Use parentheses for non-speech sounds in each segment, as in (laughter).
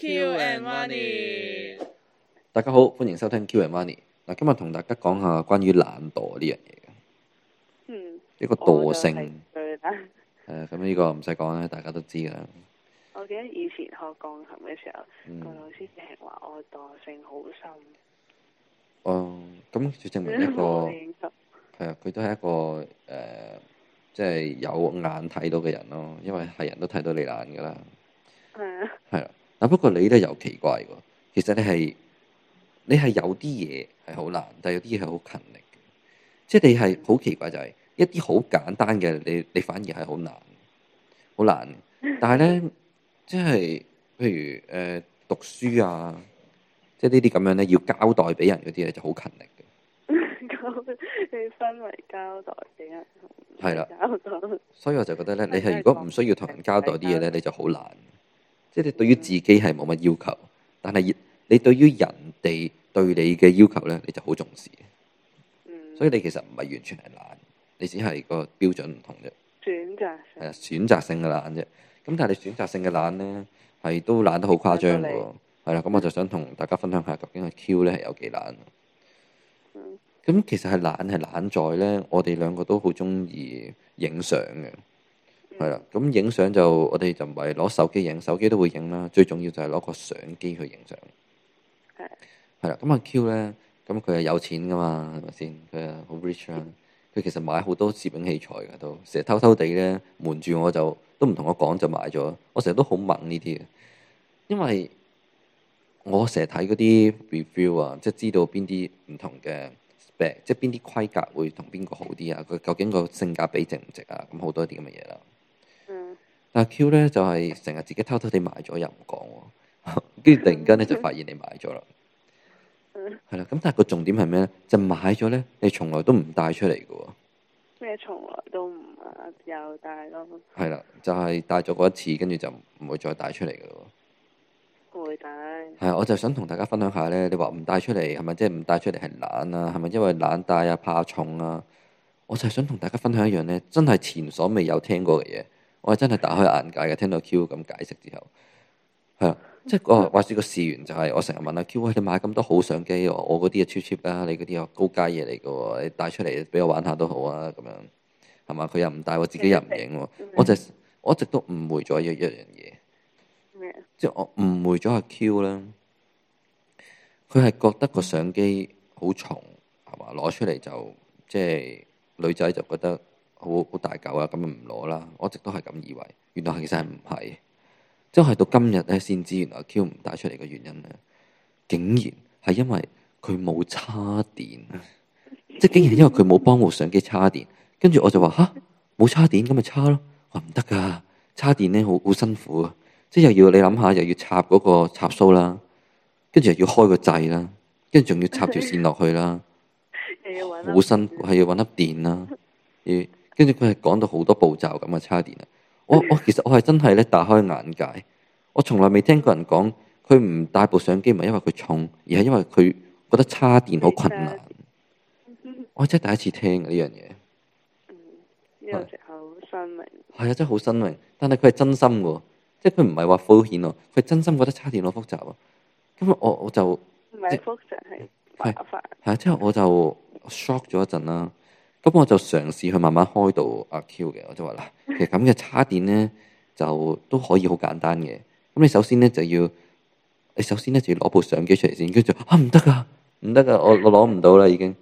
Q and Money，大家好，歡迎收聽 Q and Money。嗱，今日同大家講下關於懶惰呢樣嘢嘅，嗯，一個惰性，對啦，誒，咁呢個唔使講啦，大家都知啦。我記得以前學鋼琴嘅時候，個、嗯、老師淨係話我惰性好深。哦、呃，咁就證明一個係啊，佢都係一個誒，即、呃、係、就是、有眼睇到嘅人咯，因為係人都睇到你懶噶啦，係啊、嗯，係嗱，不過你都有奇怪喎，其實你係你係有啲嘢係好難，但係有啲嘢係好勤力嘅，即係你係好奇怪就係、係、一啲好簡單嘅，你你反而係好難，好難。但係咧，即係譬如誒、呃、讀書啊，即係呢啲咁樣咧，要交代俾人嗰啲咧就好勤力嘅。 (laughs) 你分為交代俾人係啦，所以我就覺得咧，你係如果唔需要同人交代啲嘢咧，你就好難。即係你對於自己係冇乜要求，但係你對於人哋對你嘅要求咧，你就好重視的。所以你其實唔係完全係懶，你只係個標準唔同啫。選擇性係啊，選擇性嘅懶啫。咁但係你選擇性嘅懶咧，係都懶得好誇張㗎。係啦，咁我就想同大家分享下究竟係 Q 咧係有幾懶。咁其實係懶係懶在咧，我哋兩個都好鍾意影相嘅。係啦，咁影相就我哋就唔係攞手機影，手機都會影啦。最重要就係攞個相機去影相。係係啦，咁阿 Q 咧，咁佢係有錢噶嘛，係咪先？佢係好 rich 啊！佢其實買好多攝影器材噶都，成日偷偷地咧瞞住我就，都唔同我講就買咗。我成日都好猛呢啲嘅，因為我成日睇嗰啲 review 啊，即係知道邊啲唔同嘅 s p 即係邊啲規格會同邊個好啲啊？佢究竟個性價比值唔值啊？咁好多啲咁嘅嘢啦。但 Q 咧就係成日自己偷偷地買咗又唔講，跟 (laughs) 住突然間咧就發現你買咗啦，係啦。 (laughs) 咁但係個重點係咩咧？就買咗咧，你從來都唔帶出嚟嘅。咩從來都唔又帶咯？係啦，就係帶咗嗰一次，跟住就唔會再帶出嚟嘅。唔會帶。係啊，我就想同大家分享下咧。你話唔帶出嚟係咪？即係唔帶出嚟係懶啊？係咪因為懶帶啊？怕重啊？我就係想同大家分享一樣咧，真係前所未有聽過嘅嘢。我係真係打開眼界嘅，聽到 Q 咁解釋之後，係啊，即係話説個事源就係我成日問阿、啊、Q：喂你買咁多好相機喎，我嗰啲嘅 cheap cheap 啦，ch ip, 你嗰啲又高階嘢嚟嘅，你帶出嚟畀我玩下都好啊，咁樣係嘛？佢又唔帶，我自己又唔影，我就我一直都誤會咗一一樣嘢，Yeah. 即係我誤會咗阿、啊、Q 啦，佢係覺得個相機好重，係嘛？攞出嚟就即係女仔就覺得。好好大嚿啊，咁咪唔攞啦！我一直都係咁以為，原來其實係唔係，即係到今日咧先知，原來 Q 唔帶出嚟嘅原因咧，竟然係因為佢冇叉電， (laughs) 即係竟然因為佢冇幫我相機叉電，跟住我就話吓，冇叉電咁咪叉咯，話唔得噶，叉電咧好好辛苦啊！即係又要你諗下，又要插嗰個插蘇啦，跟住又要開個掣啦，跟住仲要插條線落去啦，好辛苦，係要揾粒電啦，要。跟住佢係講到好多步驟咁嘅叉電啊！我我其實我係真係咧大開眼界，我從來未聽過人講佢唔帶部相機唔係因為佢重，而係因為佢覺得叉電好困難。我真係第一次聽呢樣嘢。係啊、嗯這個，真係好新穎。係啊，真係好新穎，但係佢係真心嘅，即係佢唔係話敷衍我，佢真心覺得叉電好複雜啊！咁我我就唔係複雜係啊，之後我就 shock 咗一陣啦。咁我就嘗試去慢慢開導阿 Q 嘅，我就話啦，其實咁嘅叉電咧就都可以好簡單嘅。咁你首先咧就要，你首先咧就要攞部相機出嚟先。跟住啊，唔得噶，唔得噶，我我攞唔到啦，已經。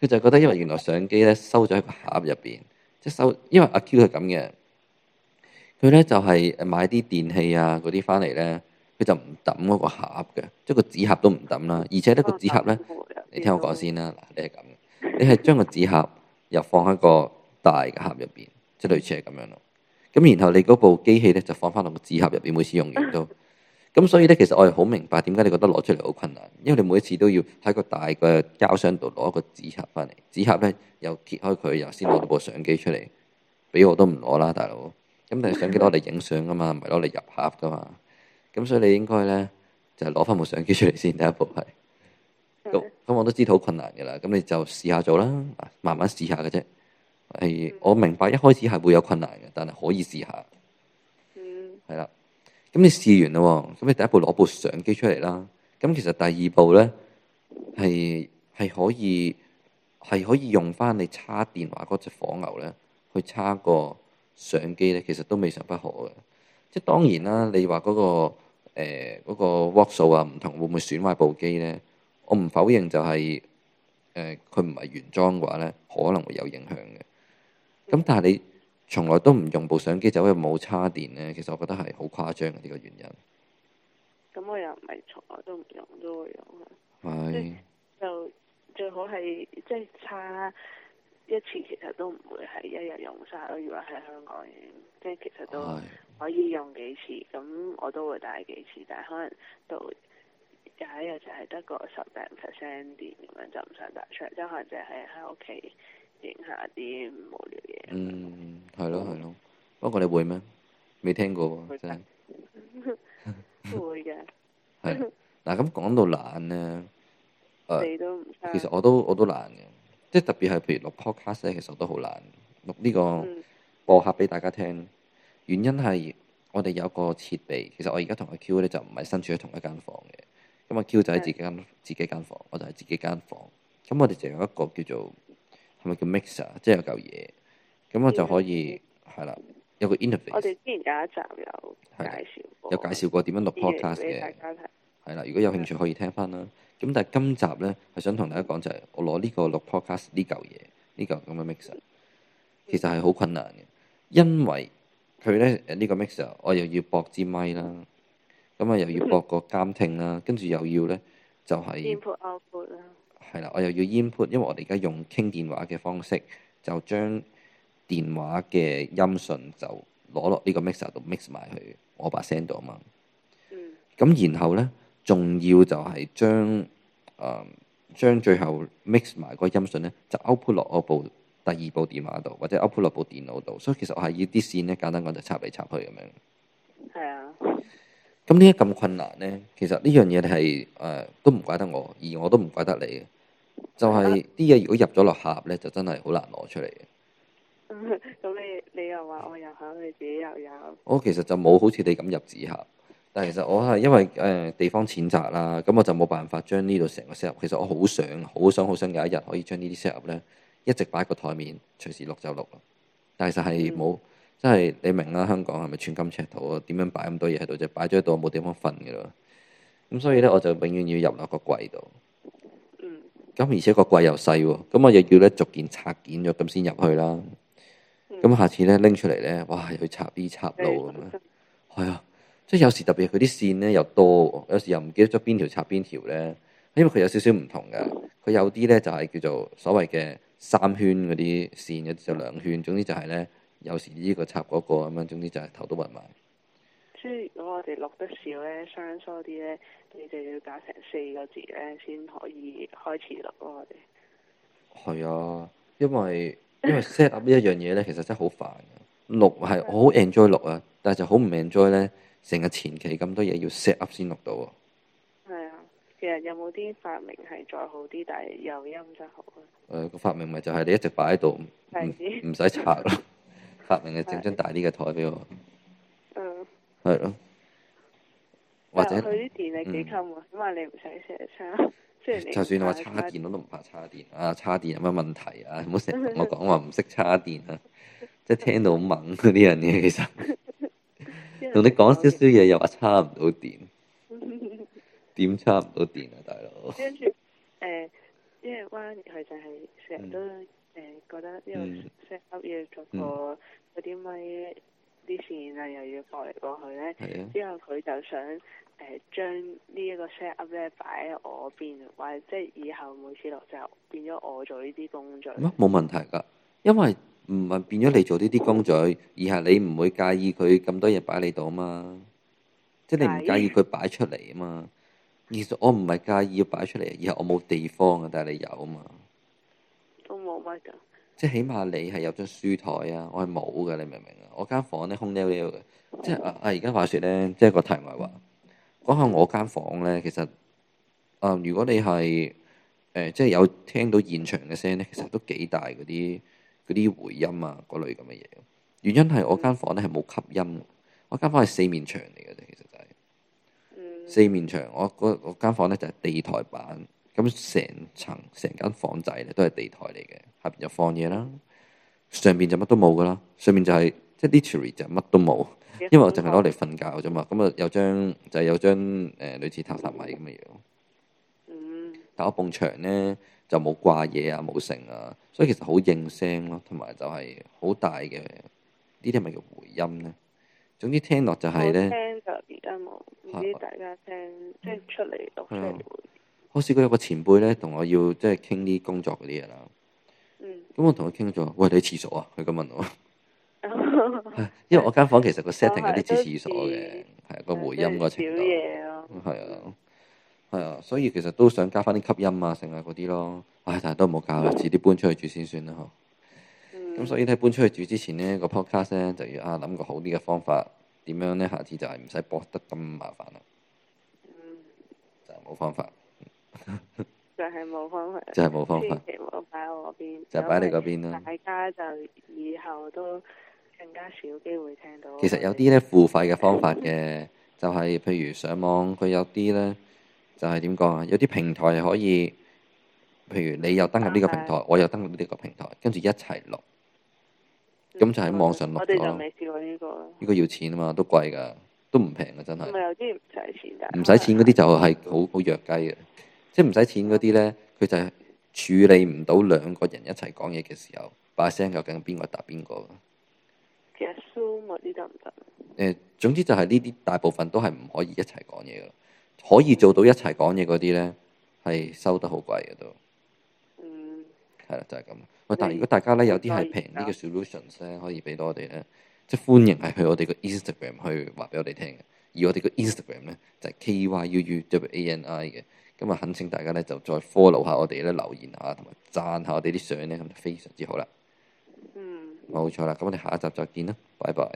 佢就覺得因為原來相機咧收咗喺個盒入邊，即係收因為阿 Q 係咁嘅，佢咧就係、誒、買啲電器啊嗰啲翻嚟咧，佢就唔抌嗰個盒嘅，即個紙盒都唔抌啦。而且咧個紙盒咧，你聽我講先啦，嗱，你係咁嘅，你係將個紙盒。又放喺個大嘅盒入邊，即係類似係咁樣咯。咁然後你嗰部機器咧，就放翻落個紙盒入邊，每次用完都。咁所以咧，其實我係好明白點解你覺得攞出嚟好困難，因為你每一次都要喺個大嘅膠箱度攞個紙盒翻嚟，紙盒咧又揭開佢又先攞到部相機出嚟。俾我都唔攞啦，大佬。咁但係相機我哋影相噶嘛，唔係攞嚟入盒噶嘛。咁所以你應該咧就係攞翻部相機出嚟先，第一步係。咁、嗯，我都知道好困難嘅啦。咁你就試下做啦，慢慢試下嘅啫。係、嗯、我明白一開始係會有困難嘅，但係可以試下。係啦、嗯，咁你試完啦，咁你第一步攞部相機出嚟啦。咁其實第二步咧，係係可以係可以用翻你叉電話嗰隻火牛咧，去叉個相機咧，其實都未嘗不可嘅。即、就、係、是、當然啦，你話嗰、那個誒嗰、呃那個握數啊唔同，會唔會損壞部機咧？我唔否認就係、是，誒佢唔係原裝嘅話咧，可能會有影響嘅。咁但係你從來都唔用部相機，就因為冇叉電咧，其實我覺得係好誇張嘅呢、這個原因。咁我又唔係從來都唔用，都會用嘅。係的。就最好係即係叉一次，其實都唔會係一日用晒咯。如果喺香港嘅，即係其實都可以用幾次，咁我都會帶幾次，但係可能都。解嘅就係得個十零 percent 啲咁樣，就唔使打出嚟，即係可能就係喺屋企影下啲無聊嘢。嗯，係咯係咯。不過你會咩？未聽過喎，真係。 (laughs) 會嘅的。 (laughs) 係。嗱咁講到懶咧，誒，其實我都我都懶嘅，即係特別係譬如錄 podcast，其實我都好懶錄呢個播客俾大家聽。原因係我哋有一個設備，其實我而家同阿 Q 咧就唔係身處喺同一間房嘅。咁啊，Q 仔自己間的自己間房，我就係自己間房間。咁我哋就有一個叫做係咪叫 mixer，即係有嚿嘢。咁我就可以係啦為，有個 interface。我哋之前有一集有介紹，有介紹過點樣錄 podcast 嘅。係啦，如果有興趣可以聽翻啦。咁的但係今集咧，係想同大家講就係，我攞呢個錄 podcast 呢嚿嘢，呢嚿咁嘅 mixer，其實係好困難嘅，因為佢咧誒呢、這個 mixer，我又要博支咪啦。咁啊，又要駁個監聽啦，跟住又要咧、就係，就係 in，input output 啦。係啦，我又要 input，因為我哋而家用傾電話嘅方式，就將電話嘅音訊就攞落、er 嗯、呢個 mixer 度 mix 埋去我把聲度啊嘛。嗯。咁然後咧，仲要就係將誒將最後 mix 埋個音訊咧，就 output 落我部第二部電話度，或者 output 落部電腦度。所以其實我係要啲線咧，簡單講就插嚟插去咁樣。咁點解咁困難咧，其實呢樣嘢係誒都唔怪得我，而我都唔怪得你，就係啲嘢如果入咗落盒咧，就真係好難攞出嚟嘅。咁你、嗯、你又話我又入，你自己又有。我其實就冇好似你咁入紙盒，但係其實我係因為誒、呃、地方淺窄啦，咁我就冇辦法將呢度成個 set。其實我好想好想好想有一日可以將呢啲 set 咧一直擺喺個台面，隨時錄就錄。但係就係冇。嗯真係你明啦，香港係咪寸金尺土啊？點樣擺咁多嘢喺度啫？擺咗喺度冇地方瞓嘅啦。咁所以咧，我就永遠要入落個櫃度。咁、嗯、而且個櫃又細，咁我又要咧逐件拆件咗咁先入去啦。咁、嗯、下次咧拎出嚟咧，哇！去插呢插到。咁啊、嗯，係啊、哎。即係有時特別佢啲線咧又多，有時又唔記得咗邊條插邊條咧，因為佢有少少唔同噶。佢有啲咧就係、是、叫做所謂嘅三圈嗰啲線，有啲就兩圈。總之就係咧。有時呢個插嗰個咁樣，總之就係頭都暈埋。即係，如果我哋錄得少咧，生疏啲咧，你就要搞成四個字咧，先可以開始錄咯。我哋係啊，因為因為 set up 一樣嘢咧，其實真係好煩嘅。錄係好 enjoy 錄啊，但係就好唔 enjoy 咧，成個前期咁多嘢要 set up 先錄到。係啊，其實有冇啲發明係再好啲，但係又音就好咧？誒，個發明咪就係你一直擺喺度，唔唔使拆咯。發明嘅整張大啲嘅枱俾我，嗯，係咯的，或者佢啲電係幾襟喎，嗯、因為你唔使成日叉，即係就算你話叉電我都唔怕叉電，叉電，怕叉電啊，叉電有乜問題啊？唔好成日同我講話唔識叉電啊，即係 (laughs) 聽到好猛嗰啲人嘅。其實同 (laughs) 你講少少嘢又話叉唔到電，點叉唔到電啊，大佬？跟住誒、呃，因為關佢就係成日都。嗯誒，覺得呢個 set up 又要逐個啲咪啲線啊，又要放嚟放去咧。之後佢就想誒，將呢一個 set up 咧擺喺我邊，或者即係以後每次落就變咗我做呢啲工序。乜冇問題噶，因為唔係變咗你做呢啲工序，而係你唔會介意佢咁多嘢擺你度啊嘛。即係你唔介意佢擺出嚟啊嘛。其實意我唔係介意要擺出嚟，而係我冇地方啊，但係你有啊嘛。即係起碼你係有張書台啊，我係冇嘅，你明唔明啊？我間房咧空溜溜嘅，即係啊啊！而家話說咧，即係個題外話講下我間房咧，其實啊、呃，如果你係誒、呃，即係有聽到現場嘅聲咧，其實都幾大嗰啲嗰啲回音啊，嗰類咁嘅嘢。原因係我間房咧係冇吸音的，我間房係四面牆嚟嘅啫，其實就係、是嗯、四面牆。我嗰間房咧就係地台板，咁成層成間房仔咧都係地台嚟嘅。下邊就放嘢啦，上邊就乜都冇噶啦。上面就係即係 literary 就乜、是就是、都冇，因為我淨係攞嚟瞓覺啫嘛。咁、就是嗯、啊，有張就係有張誒類似榻榻米咁嘅樣，但我一埲牆咧就冇掛嘢啊，冇剩啊，所以其實好應聲咯，同埋就係好大嘅呢啲咪叫回音咧。總之聽落就係、是、咧，聽就而家冇唔知大家聽即係、啊、出嚟落嚟會。我試過有個前輩咧同我要即係傾啲工作嗰啲嘢啦。咁我同佢傾咗，喂你喺廁所啊？佢咁問我， (laughs) 因為我間房其實個 setting 有啲似廁所嘅，係個 (laughs) 像回音個程度，係啊，係啊，所以其實都想加翻啲吸音啊，剩啊嗰啲咯。唉，但係都冇搞啦，遲啲搬出去住先算啦嗬，咁、嗯、所以咧，搬出去住之前咧，個 podcast 咧就要啊諗個好啲嘅方法，點樣咧下次就係唔使博得咁麻煩啦。嗯、就有冇方法？ (laughs) 就係冇方法，就係冇方法。擺我邊，就擺你嗰邊咯。大家就以後都更加少機會聽到。其實有啲咧付費嘅方法嘅， (laughs) 就係譬如上網佢有啲咧，就係點講啊？有啲平台可以，譬如你又登入呢個平台，的我又登入呢個平台，跟住一齊錄，咁就喺網上錄咗。我哋就未試過呢個。呢個要錢啊嘛，都貴㗎，都唔平啊，真係。唔係有啲唔使錢㗎。唔使錢嗰啲就係好好弱雞嘅。即係唔使錢嗰啲咧，佢就係處理唔到兩個人一齊講嘢嘅時候，把聲究竟邊個答邊個嘅。其實 Zoom 嗰啲得唔得？誒，總之就係呢啲大部分都係唔可以一齊講嘢嘅。可以做到一齊講嘢嗰啲咧，係收得好貴嘅都。嗯。係啦，就係咁。喂，但係如果大家咧有啲係平啲嘅 solutions 咧，可以俾到我哋咧，即係歡迎係去我哋嘅 Instagram 去話俾我哋聽嘅。而我哋嘅 Instagram 咧就係 k y u u w a n i 嘅。咁啊，懇請大家咧，就再 follow 下我哋咧，留言啊，同埋讚下我哋啲相咧，咁就非常之好啦。嗯、冇錯啦，咁我哋下一集再見啦，拜拜。